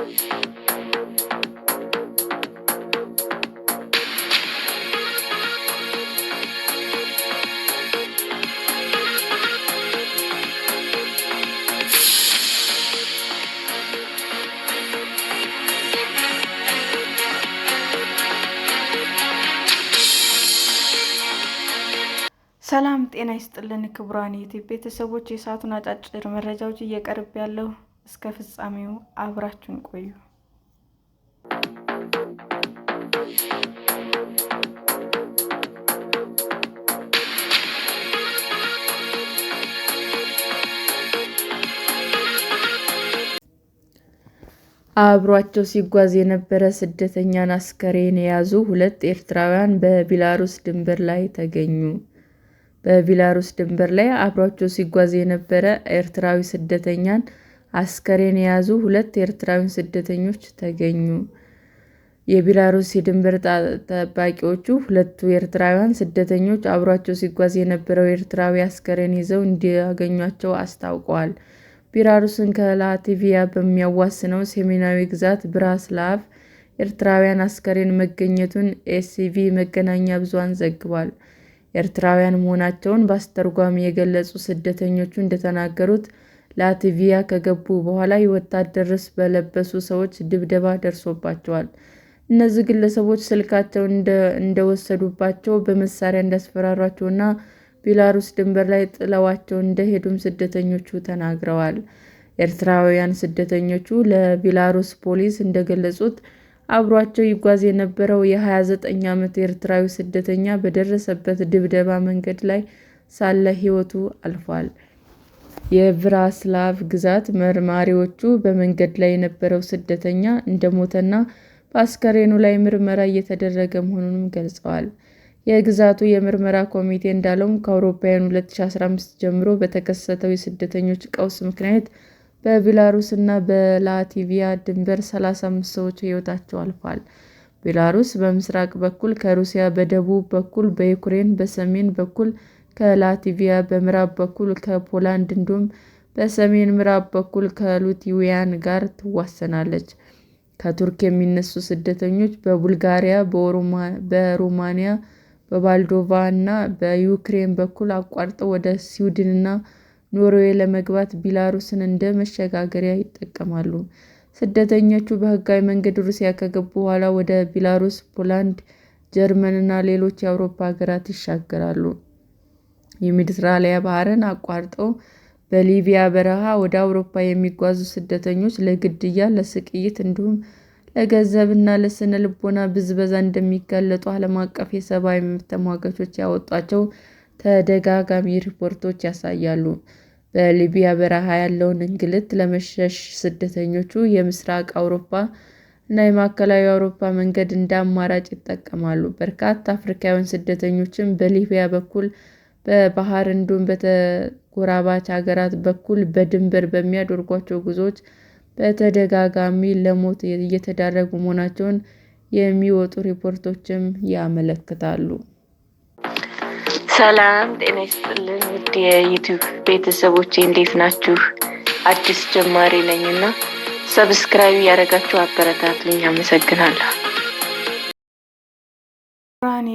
ሰላም ጤና ይስጥልን ክቡራን ዩቲዩብ ቤተሰቦች፣ የሰዓቱን አጫጭር መረጃዎች እየቀርብ ያለው እስከ ፍጻሜው አብራችን ቆዩ። አብሯቸው ሲጓዝ የነበረ ስደተኛን አስከሬን የያዙ ሁለት ኤርትራውያን በቤላሩስ ድንበር ላይ ተገኙ። በቤላሩስ ድንበር ላይ አብሯቸው ሲጓዝ የነበረ ኤርትራዊ ስደተኛን አስከሬን የያዙ ሁለት ኤርትራውያን ስደተኞች ተገኙ። የቤላሩስ የድንበር ጠባቂዎቹ ሁለቱ ኤርትራውያን ስደተኞች አብሯቸው ሲጓዝ የነበረው ኤርትራዊ አስከሬን ይዘው እንዲያገኟቸው አስታውቀዋል። ቤላሩስን ከላቲቪያ በሚያዋስነው ሰሜናዊ ግዛት ብራስላቭ ኤርትራውያን አስከሬን መገኘቱን ኤስሲቪ መገናኛ ብዙኃን ዘግቧል። ኤርትራውያን መሆናቸውን በአስተርጓሚ የገለጹ ስደተኞቹ እንደተናገሩት ላትቪያ ከገቡ በኋላ የወታደር ልብስ በለበሱ ሰዎች ድብደባ ደርሶባቸዋል። እነዚህ ግለሰቦች ስልካቸውን እንደወሰዱባቸው በመሳሪያ እንዳስፈራሯቸው እና ቤላሩስ ድንበር ላይ ጥለዋቸው እንደሄዱም ስደተኞቹ ተናግረዋል። ኤርትራውያን ስደተኞቹ ለቤላሩስ ፖሊስ እንደገለጹት አብሯቸው ይጓዝ የነበረው የ29 ዓመት ኤርትራዊ ስደተኛ በደረሰበት ድብደባ መንገድ ላይ ሳለ ሕይወቱ አልፏል። የቭራስላቭ ግዛት መርማሪዎቹ በመንገድ ላይ የነበረው ስደተኛ እንደሞተና በአስከሬኑ ላይ ምርመራ እየተደረገ መሆኑንም ገልጸዋል። የግዛቱ የምርመራ ኮሚቴ እንዳለውም ከአውሮፓውያን 2015 ጀምሮ በተከሰተው የስደተኞች ቀውስ ምክንያት በቤላሩስ እና በላቲቪያ ድንበር 35 ሰዎች ሕይወታቸው አልፏል። ቤላሩስ በምስራቅ በኩል ከሩሲያ፣ በደቡብ በኩል በዩክሬን፣ በሰሜን በኩል ከላትቪያ በምዕራብ በኩል ከፖላንድ እንዲሁም በሰሜን ምዕራብ በኩል ከሊቱዌኒያ ጋር ትዋሰናለች። ከቱርክ የሚነሱ ስደተኞች በቡልጋሪያ፣ በሮማንያ፣ በባልዶቫ እና በዩክሬን በኩል አቋርጠው ወደ ስዊድንና ኖርዌይ ለመግባት ቤላሩስን እንደ መሸጋገሪያ ይጠቀማሉ። ስደተኞቹ በህጋዊ መንገድ ሩሲያ ከገቡ በኋላ ወደ ቤላሩስ፣ ፖላንድ፣ ጀርመን እና ሌሎች የአውሮፓ ሀገራት ይሻገራሉ። የሜዲትራሊያ ባህርን አቋርጠው በሊቢያ በረሃ ወደ አውሮፓ የሚጓዙ ስደተኞች ለግድያ፣ ለስቅይት እንዲሁም ለገንዘብና ለስነ ልቦና ብዝበዛ እንደሚጋለጡ ዓለም አቀፍ የሰብአዊ መብት ተሟጋቾች ያወጧቸው ተደጋጋሚ ሪፖርቶች ያሳያሉ። በሊቢያ በረሃ ያለውን እንግልት ለመሸሽ ስደተኞቹ የምስራቅ አውሮፓ እና የማዕከላዊ አውሮፓ መንገድ እንደ አማራጭ ይጠቀማሉ። በርካታ አፍሪካውያን ስደተኞችም በሊቢያ በኩል በባህር እንዲሁም በተጎራባች ሀገራት በኩል በድንበር በሚያደርጓቸው ጉዞዎች በተደጋጋሚ ለሞት እየተዳረጉ መሆናቸውን የሚወጡ ሪፖርቶችም ያመለክታሉ። ሰላም ጤና ይስጥልን ውድ የዩቱብ ቤተሰቦቼ እንዴት ናችሁ? አዲስ ጀማሪ ነኝና ሰብስክራይብ ያደረጋችሁ አበረታትልኝ። አመሰግናለሁ።